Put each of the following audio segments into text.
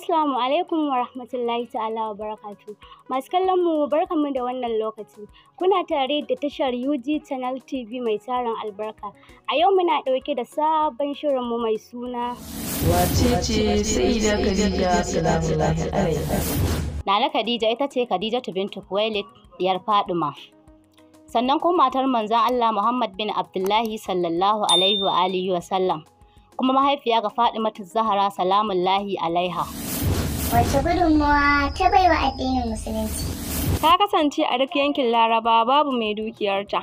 Assalamu alaikum wa rahmatullahi ta'ala wa barakatu. Masu kallon mu da wannan lokaci. Kuna tare da tashar UG Channel TV mai tarin albarka. A yau muna ɗauke da sabon shirin mu mai suna. Wace ce sai da Khadija Salamu Nana Khadija ita ce Khadija bintu Kuwait diyar Faduma. Sannan kuma matar manzon Allah Muhammad bin Abdullahi sallallahu alaihi wa alihi wa sallam. kuma mahaifiya ga Fadimatu Zahara lahi alaiha. Wace gudunmawa ta baiwa addinin Musulunci? Ta kasance a duk yankin Laraba babu mai dukiyarta.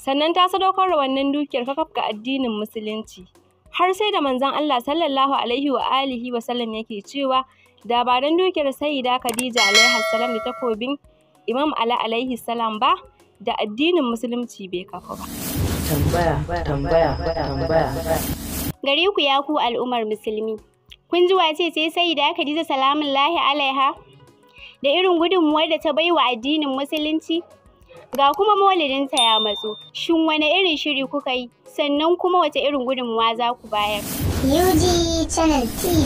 Sannan ta sadaukar da wannan dukiyar ka kafka addinin Musulunci. Har sai da manzon Allah sallallahu alaihi wa alihi wa sallam yake cewa da ba don dukiyar Sayyida Khadija alaihi salam da takobin Imam Ali alaihi salam ba da addinin Musulunci bai kafa ba. Tambaya, tambaya, tambaya. Gari ku ya ku al'ummar musulmi. kun ji wace ce sai da Khadija Lahi alaiha da irin gudunmuwar da ta bai wa addinin musulunci ga kuma maulidinta ya matso shin wane irin shiri kuka yi sannan kuma wace irin gudunmuwa za ku bayar UG Channel TV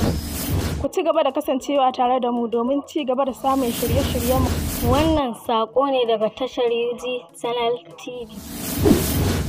ku ci gaba da kasancewa tare da mu domin ci gaba da samun shirye-shiryenmu wannan saƙo ne daga tashar UG Channel TV